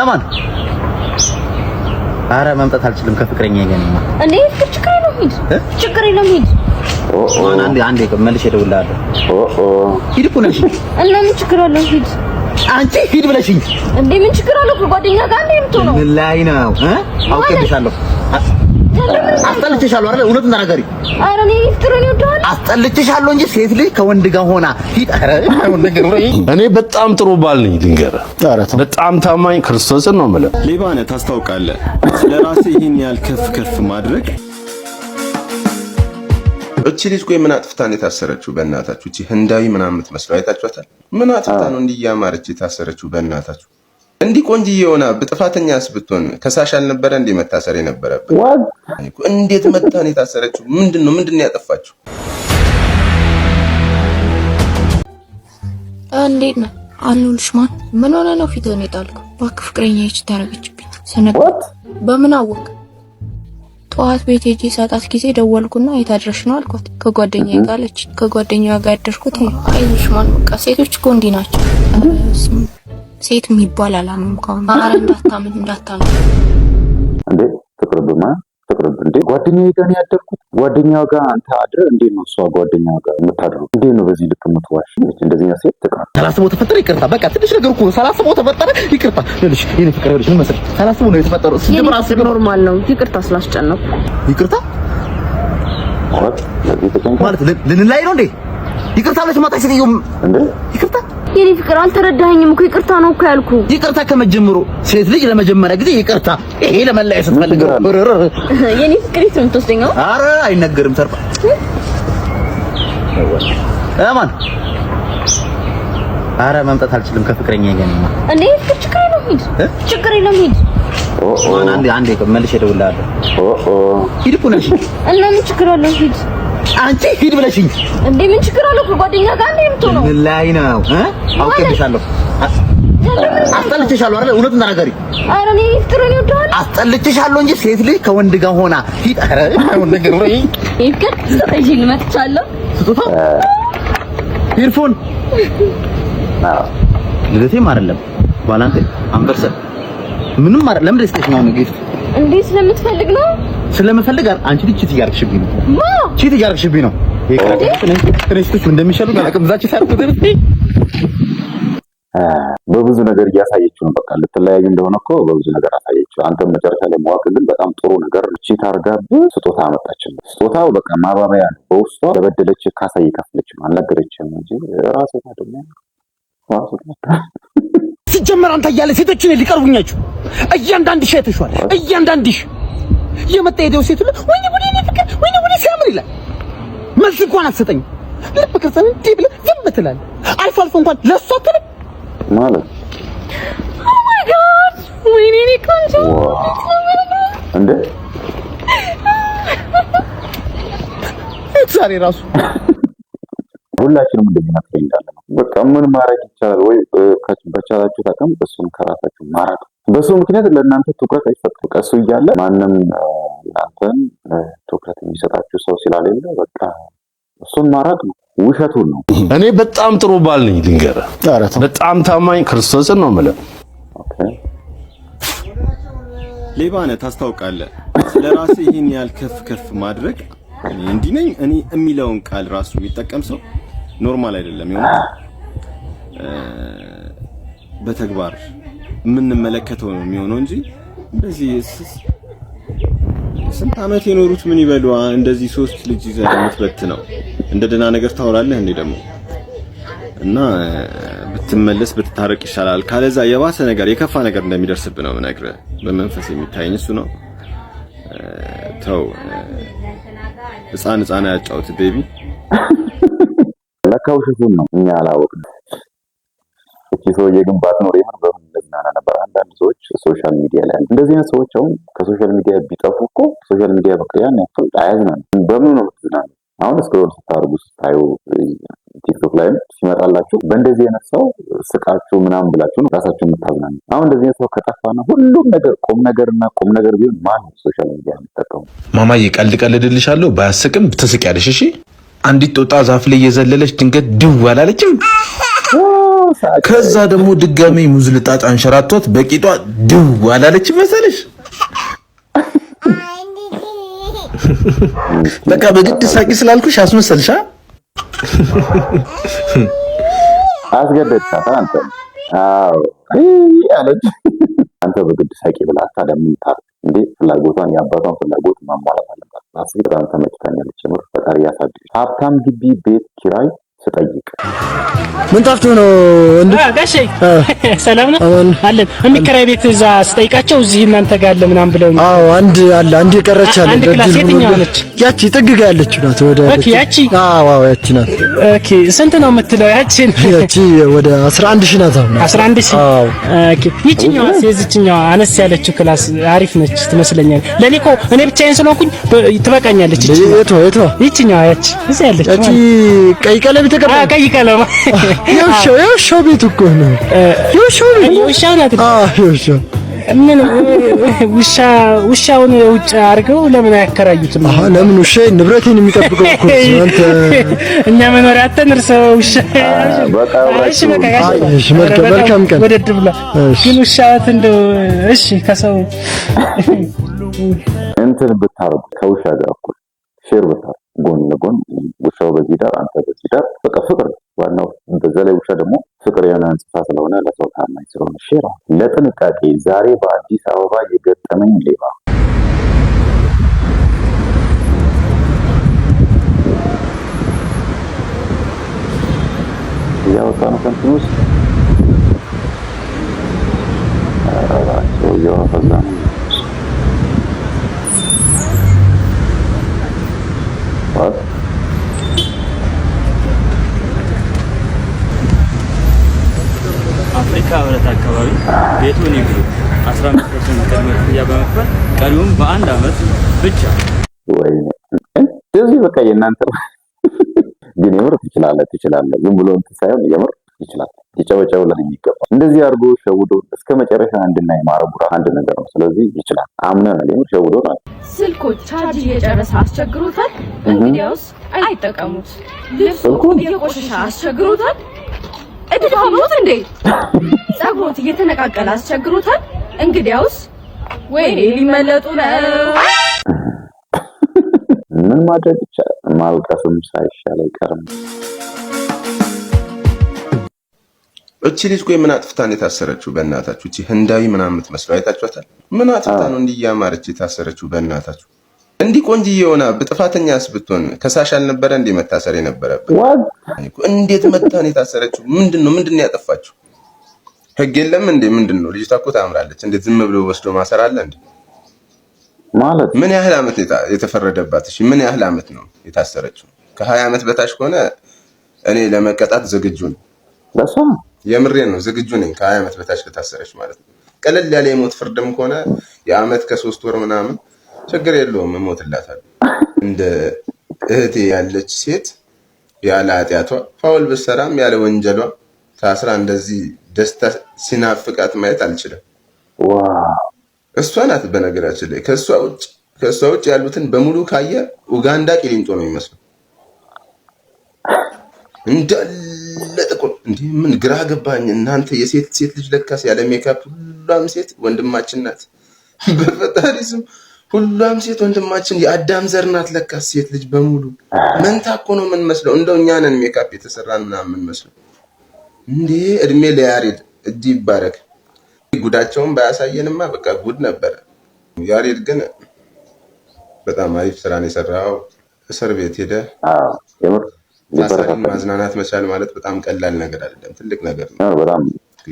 አማን አረ መምጣት አልችልም። ከፍቅረኛ ይገኝ ነው እንዴ? ችግር የለውም ሂድ፣ ችግር የለውም ሂድ። ኦ ኦ አንዴ አንዴ መልሼ እደውልልሃለሁ። ኦ ኦ ሂድ እኮ ነሽ እና ምን ችግር አለው? ሂድ አንቺ ሂድ ብለሽኝ እንዴ ምን ችግር አለው? ከጓደኛ ጋር እንዴ የምትሆነው ምን ላይ ነው? አውቄብሻለሁ አስጠልቼሻለሁ አይደል? እውነቱን ተናገሪ። ኧረ እኔ ፍቅሩን ይወደዋል። አስጠልቼሻለሁ እንጂ ሴት ልጅ ከወንድ ጋር ሆና እኔ በጣም ጥሩ ባል ነኝ። ልንገርህ፣ በጣም ታማኝ ክርስቶስን ነው የምልህ። ሌባ ነህ ታስታውቃለህ። ስለራስህ ይህን ያህል ከፍ ከፍ ማድረግ እቺ ልጅ ቆይ ምን አጥፍታ ነው የታሰረችው? በእናታችሁ እቺ ህንዳዊ ምናምን የምትመስለው አይታችኋታል? ምን አጥፍታ ነው እንዲህ እያማረች የታሰረችው? በእናታችሁ እንዲህ ቆንጅዬ የሆነ ጥፋተኛስ ብትሆን ከሳሽ አልነበረ እንዴ መታሰር የነበረበት? እንዴት መታን የታሰረችው? ምንድን ነው ምንድን ነው ያጠፋችው? እንዴት ነው አሉልሽ? ማን ምን ሆነ ነው ፊትህን የጣልኩ? እባክህ ፍቅረኛ ይች ታረገችብኝ ስነቅ በምን አወቅ? ጠዋት ቤት ሄጄ ሰጣት ጊዜ ደወልኩና የታድረሽ ነው አልኳት። ከጓደኛ ጋለች ከጓደኛ ጋር ያደርኩት አይዞሽ ማን በቃ ሴቶች እኮ እንዲህ ናቸው። ሴት የሚባል አላምንም። ከአሁን ኧረ እንዳታምን እንዳታምን እንዴ ፍቅርብማ ፍቅርብ እንዴ ጓደኛዬ ጋር ነው ያደርኩት። ጓደኛዋ ጋር አንተ አድረህ እንዴት ነው እሷ ጓደኛዋ ጋር የምታድረው? እንዴት ነው በዚህ ልክ የምትዋሽ? እንደዚህ ሴት ጥቃት ሳላስበው ተፈጠረ። ይቅርታ በቃ ትንሽ ነገር እኮ ሳላስበው ተፈጠረ። ይቅርታ ልልሽ ይህን ፍቅር ልሽ ምን መሰለሽ ሳላስበው ነው የተፈጠረው። ስጀምር ኖርማል ነው። ይቅርታ ስላስጨነኩ ይቅርታ ማለት ልንላይ ነው እንዴ? ይቅርታ ብለሽ ማታ ሴትዮ እንዴ ይቅርታ የኔ ፍቅር አልተረዳኸኝም እኮ ይቅርታ ነው እኮ ያልኩ። ይቅርታ ከመጀመሩ ሴት ልጅ ለመጀመሪያ ጊዜ ይቅርታ፣ ይሄ ለመለያየት ስትፈልግ ነው። የኔ ፍቅር የት ነው የምትወስደኝ? ኧረ አይነገርም። ተርባ አማን አረ መምጣት አልችልም። ከፍቅረኛ ይገኝ ነው እንዴ? ፍቅር ችግር የለውም። ሂድ፣ ችግር የለውም። ሂድ አንዴ አንዴ መልሼ እደውልልሃለሁ። ሂድ እኮ ነሽ እና ምን ችግር አለው? ሂድ አንቺ ሂድ ብለሽኝ እንዴ? ምን ችግር አለው? ከጓደኛ ጋር ነው የምትሆነው። ምን ላይ ነው? አውቄብሻለሁ። አስጠልቼሻለሁ አይደል? እውነቱን ተናገሪ። ኧረ እኔ ፍቅር ነው ዳል አስጠልቼሻለሁ እንጂ ሴት ልጅ ከወንድ ጋር ሆና ሂድ። ኧረ አይሆን ነገር ነው። ይፍቅር እዚህ መጥቻለሁ። ኢርፎን አዎ፣ ልደቴም አይደለም ባላንቴ አንበርሰ ምንም አይደለም። ለምን ደስተኛ ነው ጊፍት እንዴ ስለምትፈልግ ነው? ስለምፈልግ አንቺ ልጅ ቺት እያደረግሽብኝ ነው። ማ ቺት እያደረግሽብኝ ነው? በብዙ ነገር እያሳየችው ነው። በቃ ልትለያዩ እንደሆነ እኮ በብዙ ነገር አሳየችው። አንተም መጨረሻ ላይ መዋቅ ግን በጣም ጥሩ ነገር ቺት አድርጋብህ ስጦታ አመጣችም። ስጦታው በቃ ማባበያ ነው። በውስጧ ለበደለች ካሳ እየከፍለችም አልነገረችም እንጂ ራሴ ደግሞ ሲጀመር አንተ እያለ ሴቶችን ሊቀርቡኛችሁ እያንዳንድሽ አይተሽዋል። እያንዳንድሽ የመጣ ሄደው ሴት ሁሉ ወይኔ ወደ እኔ ፍቅር ወይኔ ወደ ሲያምር ይላል። መልስ እንኳን አትሰጠኝ። ልብ ክርስቲያን እንዴ ብለህ ዝም ትላለህ። አልፎ አልፎ እንኳን ለሷ አትልም ማለት ኦ ማይ ጋድ ወይኔ እኔ ቆንጆ እንዴ ዛሬ ራሱ ሁላችንም እንደሚናፍቀኝ እንዳለ በቃ ምን ማድረግ ይቻላል ወይ? በቻላችሁ ታቀም እሱን ከራሳችሁ ማራቅ በሱ ምክንያት ለእናንተ ትኩረት አይሰጥም። ቀሱ እያለ ማንም እናንተን ትኩረት የሚሰጣችሁ ሰው ስላሌለ በቃ እሱን ማራቅ ነው፣ ውሸቱን ነው። እኔ በጣም ጥሩ ባል ነኝ፣ ልንገርህ፣ በጣም ታማኝ ክርስቶስን ነው ምለ ሌባ ነህ ታስታውቃለህ። ስለ ይህን ያህል ከፍ ከፍ ማድረግ እንዲህ ነኝ እኔ የሚለውን ቃል ራሱ የሚጠቀም ሰው ኖርማል አይደለም። የሆነ በተግባር የምንመለከተው ነው የሚሆነው እንጂ እንደዚህ ስንት ዓመት የኖሩት ምን ይበሉ። እንደዚህ ሶስት ልጅ ይዘህ የምትበት ነው እንደ ደህና ነገር ታወራለህ እንዴ ደግሞ እና ብትመለስ ብትታረቅ ይሻላል። ካለዛ የባሰ ነገር የከፋ ነገር እንደሚደርስብህ ነው የምነግርህ። በመንፈስ የሚታየኝ እሱ ነው። ተው ህፃን ህፃን ያጫውት ቤቢ ለካ ውሸቱን ነው እኛ አላወቅንም። እቺ ሰውዬ ግን ባትኖር የምር እናና ነበር። አንዳንድ ሰዎች ሶሻል ሚዲያ ላይ እንደዚህ አይነት ሰዎች አሁን ከሶሻል ሚዲያ ቢጠፉ እኮ ሶሻል ሚዲያ በቃ ያን ያክል አያዝናንም። በምኑ ነው ምትዝናኑ? አሁን እስክሮል ስታደርጉ ስታዩ ቲክቶክ ላይም ሲመጣላችሁ በእንደዚህ አይነት ሰው ስቃችሁ ምናምን ብላችሁ ራሳችሁ የምታዝናኑ። አሁን እንደዚህ አይነት ሰው ከጠፋና ሁሉም ነገር ቁም ነገርና ቁም ነገር ቢሆን ማን ሶሻል ሚዲያ የሚጠቀሙ? ማማዬ ቀልድ ቀልድልሻለሁ፣ ባያስቅም ትስቅ ያለሽ እሺ። አንዲት ጦጣ ዛፍ ላይ የዘለለች ድንገት ድው አላለችም። ከዛ ደግሞ ድጋሜ ሙዝ ልጣጭ አንሸራቷት በቂጧ ድው አላለች መሰለሽ። በቃ በግድ ሳቂ ስላልኩሽ አስመሰልሻ። አስገደድሻት አንተ። አዎ አለች። አንተ በግድ ሳቂ ብላታ ታዲያ እንዴ? ፍላጎቷን የአባቷን ፍላጎት ማሟላት አለባት። ናስሪ በጣም ተመችታኛለች። ምር ፈጣሪ ያሳድግሽ። ሀብታም ግቢ ቤት ኪራይ ስጠይቅ ምን ጠፍቶ ነው እንዴ? ጋሼ ሰላም ነው አለ። የሚከራይ ቤት እዛ ስጠይቃቸው እዚህ እናንተ ጋር አለ ምናምን ብለው አዎ፣ አንድ አለ አንድ የቀረች አለ። አንድ ክላስ የትኛው ነች? ያቺ ጥግ ጋር ያለች ናት። ወደ ኦኬ፣ ያቺ አዎ፣ አዎ፣ ያቺ ናት። ኦኬ፣ ስንት ነው የምትለው? ያቺ ያቺ ወደ 11 ሺህ ናት። አሁን 11 ሺህ አዎ። ኦኬ፣ ይቺኛው የዚችኛዋ አነስ ያለችው ክላስ አሪፍ ነች ትመስለኛል። ለኔ እኮ እኔ ብቻዬን ስለሆንኩኝ ትበቃኛለች። ይቺ የቷ የቷ? ይቺኛው ያቺ እዚህ ያለች ያቺ ቀይ ቀለም የተቀባ ቀይ ቀለም የውሻው ቤት እኮ ነው። የውሻው ቤት የውሻው ናት። የውሻው ምን ውሻ ውሻውን ውጭ አድርገው ለምን አያከራዩትም? አሃ ለምን ውሻ ንብረቴን የሚጠብቀው እኮ አንተ እኛ መኖሪያ እርሰው ውሻ መልካም ቀን ወደድ ብላ ግን ውሻት እንደው እሺ ከሰው እንትን ብታረጉ ከውሻ ጋር እኩል ሼር ብታረጉ ጎን ለጎን ውሻው በዚህ ዳር አንተ ዳር በቃ ፍቅር ዋናው። በዛ ላይ ውሻ ደግሞ ፍቅር የሆነ እንስሳ ስለሆነ ለሰው ታማኝ ስለሆነ ሼራ ለጥንቃቄ ዛሬ በአዲስ አበባ የገጠመኝ ሌባ እያወጣ ነው ከንትን ውስጥ ሰውየው አፈዛ ነው አካባቢ ቤቱን ይግዙ 15 ፐርሰንት ቅድመ ክፍያ በመክፈል ቀሪውም በአንድ አመት ብቻ። ወይ እንደዚህ በቃ የእናንተ ግን የምር ትችላለህ ትችላለህ። ዝም ብሎ እንትን ሳይሆን የምር ይችላል ሊጨበጨብ ለን የሚገባ እንደዚህ አድርጎ ሸውዶ እስከ መጨረሻ እንድናይ ማረጉ አንድ ነገር ነው። ስለዚህ ይችላል አምነናል። የምር ሸውዶ ናል። ስልኮ ቻርጅ እየጨረሰ አስቸግሮታል። እንግዲያውስ አይጠቀሙት። ልብሱ እየቆሸሸ አስቸግሮታል። እድሃብሎት እንዴ ጸጉት እየተነቃቀለ አስቸግሮታል። እንግዲያውስ ወይኔ ሊመለጡ ነው። ምን ማድረግ ይቻላል? ማልቀስም ሳይሻል አይቀርም። እቺ ልጅ ቆይ ምን አጥፍታ ነው የታሰረችው? በእናታችሁ እቺ ህንዳዊ ምናምን የምትመስለው አይታችኋታል? ምን አጥፍታ ነው እንዲህ እያማረች የታሰረችው? በእናታችሁ እንዲህ ቆንጅዬ ሆና ጥፋተኛስ ብትሆን ከሳሽ አልነበረ እንዴ መታሰር የነበረበት? እንዴት መታ ነው የታሰረችው? ምንድን ነው ምንድን ነው ያጠፋችው? ህግ የለም እንዴ? ምንድን ነው? ልጅቷ እኮ ታምራለች። እንዴት ዝም ብሎ ወስዶ ማሰር አለ እንዴ? ማለት ምን ያህል አመት የተፈረደባት? እሺ ምን ያህል አመት ነው የታሰረችው? ከሀያ አመት በታች ከሆነ እኔ ለመቀጣት ዝግጁ ነኝ። ለሷ የምሬን ነው ዝግጁ ነኝ። ከሀያ አመት በታች ከታሰረች ማለት ነው። ቀለል ያለ የሞት ፍርድም ከሆነ የአመት ከሶስት ወር ምናምን ችግር የለውም፣ እሞትላታለሁ። እንደ እህቴ ያለች ሴት ያለ ኃጢአቷ ፋውል ብትሰራም ያለ ወንጀሏ ታስራ እንደዚህ ደስታ ሲናፍቃት ማየት አልችልም። እሷ ናት በነገራችን ላይ ከእሷ ውጭ ያሉትን በሙሉ ካየ ኡጋንዳ ቂሊንጦ ነው የሚመስለው። እንዳለ ጥቁር እንዲህ ምን ግራ ገባኝ እናንተ። የሴት ሴት ልጅ ለካስ ያለ ሜካፕ ሁሏም ሴት ወንድማችን ናት። በፈጣሪ ስም ሁሏም ሴት ወንድማችን የአዳም ዘር ናት ለካስ ሴት ልጅ በሙሉ መንታ እኮ ነው የምንመስለው። እንደው እኛንን ሜካፕ የተሰራን ምናምን የምንመስለው እንዴ እድሜ ለያሬድ እጅ ይባረክ። ጉዳቸውን ባያሳየንማ በቃ ጉድ ነበረ። ያሬድ ግን በጣም አሪፍ ስራን የሰራው እስር ቤት ሄደ ታሳሪን ማዝናናት መቻል ማለት በጣም ቀላል ነገር አይደለም፣ ትልቅ ነገር ነው።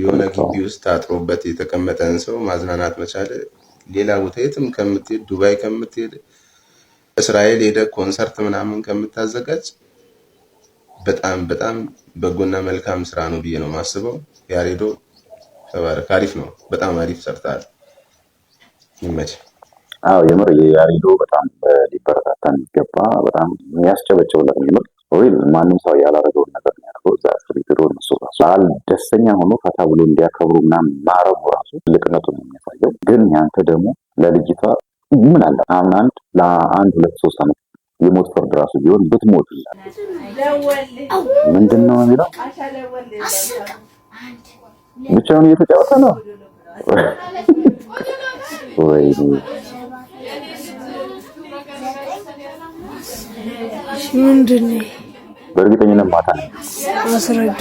የሆነ ግቢ ውስጥ ታጥሮበት የተቀመጠን ሰው ማዝናናት መቻል ሌላ ቦታ የትም ከምትሄድ ዱባይ ከምትሄድ እስራኤል ሄደ ኮንሰርት ምናምን ከምታዘጋጅ በጣም በጣም በጎና መልካም ስራ ነው ብዬ ነው የማስበው። ያሬዶ ተባረክ፣ አሪፍ ነው፣ በጣም አሪፍ ሰርታል። ይመች። አዎ የምር ያሬዶ በጣም ሊበረታታ የሚገባ በጣም ያስጨበጨበለት የምር ሪል ማንም ሰው ያላረገውን ነገር ነው ያደርገው እዛ ፍሪድሮ እነሱ ራሱ በዓል ደስተኛ ሆኖ ፈታ ብሎ እንዲያከብሩ ና ማረቡ ራሱ ትልቅነቱ ነው የሚያሳየው። ግን ያንተ ደግሞ ለልጅቷ ምን አለ አሁን አንድ ለአንድ ሁለት ሶስት ዓመት የሞት ፍርድ ራሱ ቢሆን ብትሞት ምንድን ነው የሚለው? ብቻውን እየተጫወተ ነው ወይ? ምንድን ነው? በእርግጠኝነት ማታ ነው። አስረድ።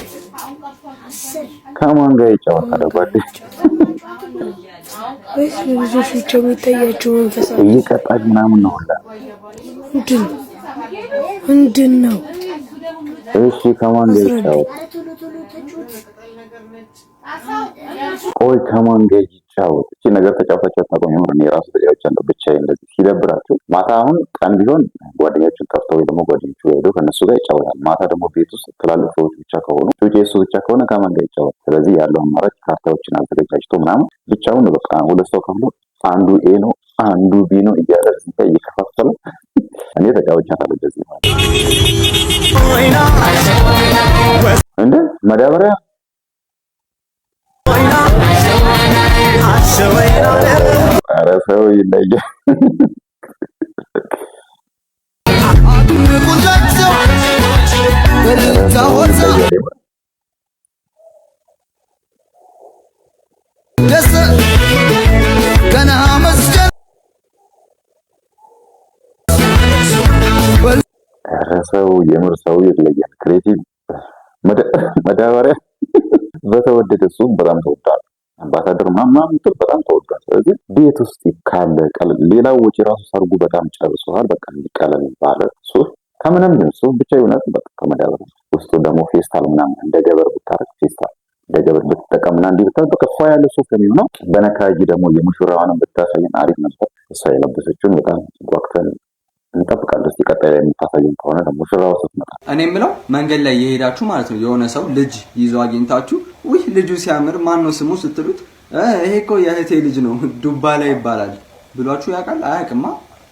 ከማን ጋር ይጫወታል? ጓደኞች ወይስ ልጆች ብቻ የሚታያቸው እየቀጣች ምናምን ነው ሁላ ምንድን ነው? እሺ ከማን ጋር ይጫወት? ቆይ ከማን ጋር ይጫወት? እቺ ነገር ተጫውታችሁ አታውቁም። የምር እኔ ራሱ ተጫውቻለሁ ብቻዬን እንደዚህ ሲደብራችሁ ማታ። አሁን ቀን ቢሆን ጓደኞቹን ጠርቶ ወይ ደግሞ ጓደኞቹ ሄዶ ከእነሱ ጋር ይጫወታል። ማታ ደግሞ ቤት ውስጥ ትላልቅ ሰዎች ብቻ ከሆኑ ጩጬ እሱ ብቻ ከሆነ ከማን ጋር ይጫወት? ስለዚህ ያለው አማራጭ ካርታዎችን አዘገጃጅቶ ምናምን ብቻውን በቃ ሁለት ሰው ከፍሎ አንዱ ኤ ነው አንዱ ቢ ነው እያለ እየከፋፈለ እኔ ተጫወቻ ነው እንደዚህ እንደ መዳበሪያ ኧረ ሰው ይለያል። ረሰው የምር ሰው ይለያል። ክሬቲቭ መዳበሪያ በተወደደ እሱም በጣም ተወዳል። አምባሳደር ማማም በጣም ተወዷል። ስለዚህ ቤት ውስጥ ካለ ሌላው ወጪ ራሱ ሰርጉ በጣም ጨርሶሃል። በቃ እንዲቀለም ባለ ሱፍ ከምንም ሱፍ ብቻ ይሆናል። በቃ ከመዳበሪያ ውስጡ ደግሞ ፌስታል ምናምን እንደ ገበር ብታረግ ፌስታል ደገበር ብትጠቀምና እንዲህ ብታል በቃ እሷ ያለ ሱፍ የሚሆነው በነካጂ ደግሞ የሙሽራዋንም ብታሳየን አሪፍ ነበር። እሷ የለበሰችውን በጣም ጓግተን እንጠብቃለን። እስኪ ቀጣይ ላይ የምታሳየን ከሆነ ደግሞ ስራ ውስጥ ስትመጣ እኔ የምለው መንገድ ላይ የሄዳችሁ ማለት ነው የሆነ ሰው ልጅ ይዞ አግኝታችሁ ውይ ልጁ ሲያምር ማን ነው ስሙ ስትሉት ይሄ እኮ የእህቴ ልጅ ነው ዱባላ ይባላል ብሏችሁ ያውቃል? አያውቅማ።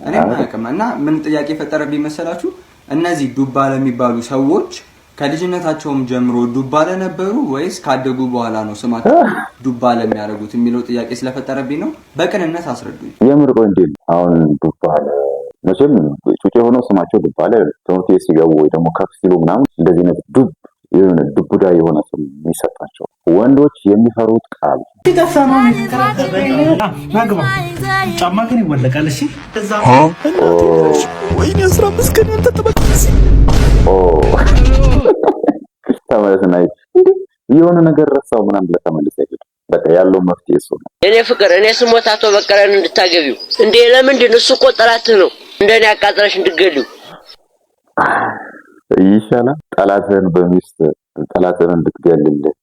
እኔም አያውቅም። እና ምን ጥያቄ የፈጠረብኝ መሰላችሁ? እነዚህ ዱባ የሚባሉ ሰዎች ከልጅነታቸውም ጀምሮ ዱባለ ነበሩ ወይስ ካደጉ በኋላ ነው ስማቸው ዱባለ ለሚያደርጉት የሚለው ጥያቄ ስለፈጠረብኝ ነው። በቅንነት አስረዱኝ። የምርቆ እንዴ አሁን ዱባለ መቼም ጩጭ የሆነው ስማቸው ዱባለ ትምህርት ቤት ሲገቡ ወይ ደግሞ ከፍ ሲሉ ምናምን እንደዚህ ነት ዱብ የሆነ ዱቡዳ የሆነ ስም የሚሰጣቸው ወንዶች የሚፈሩት ቃል ተመለስና የሆነ ነገር ረሳው ምናምን ብለህ አይደለም። በቃ ያለው መፍትሄ እሱ ነው። እኔ ፍቅር እኔ ስሞት አቶ በቀለን እንድታገቢው እንዴ? ለምንድን እሱ እኮ ጠላትህ ነው። እንደኔ አቃጥለሽ እንድገሉ ይሻላል። ጠላትህን በሚስት ጠላትህን እንድትገልልህ